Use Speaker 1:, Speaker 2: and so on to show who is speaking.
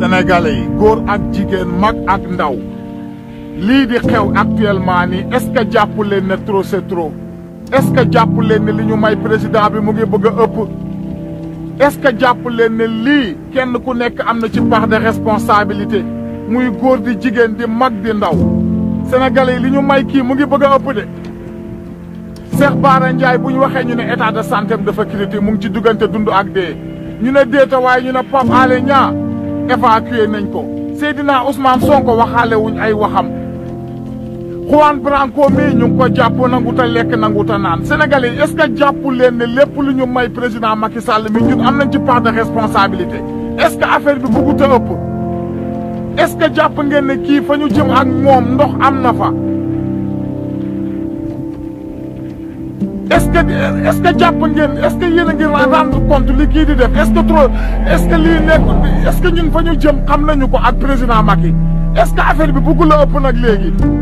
Speaker 1: sénégalais yi góor ak jigéen mag ak ndaw lii di xew actuellement nii est-ce que jàpp leen ne trop c'est ce que jàpp leen ne li ñu may président bi mu ngi bëgg ëpp est-ce que jàpp leen lii kenn ku nekk am na ci pax de responsabilité muy góor di jigéen di mag di ndaw sénégalais yi li ñu may kii mu ngi bëgg a ëpp de Cheikh Bara Ndiaye bu ñu waxee ñu ne état de santé dafa critique mu ngi ci duggante dund ak dee ñu ne déeta waaye ñu ne Pape Alé Niang évacué nañ ko Seydina Ousmane Sonko waxaale wuñ ay waxam Juan Branco mii ñu ngi ko jàpp nanguta lekk nanguta naan sénégalais yi est-ce que jàpp leen ne lépp lu ñu may président Macky Sall mi ñun am nañ ci part de responsabilité est-ce que affaire bi bëggut a ëpp est-ce que jàpp ngeen ne kii fa ñu jëm ak moom ndox am na fa est ce que est ce que jàpp li kii di def est ce que trop est ñun fa ñu jëm xam nañu ak président Macky est ce bi bëgg la léegi.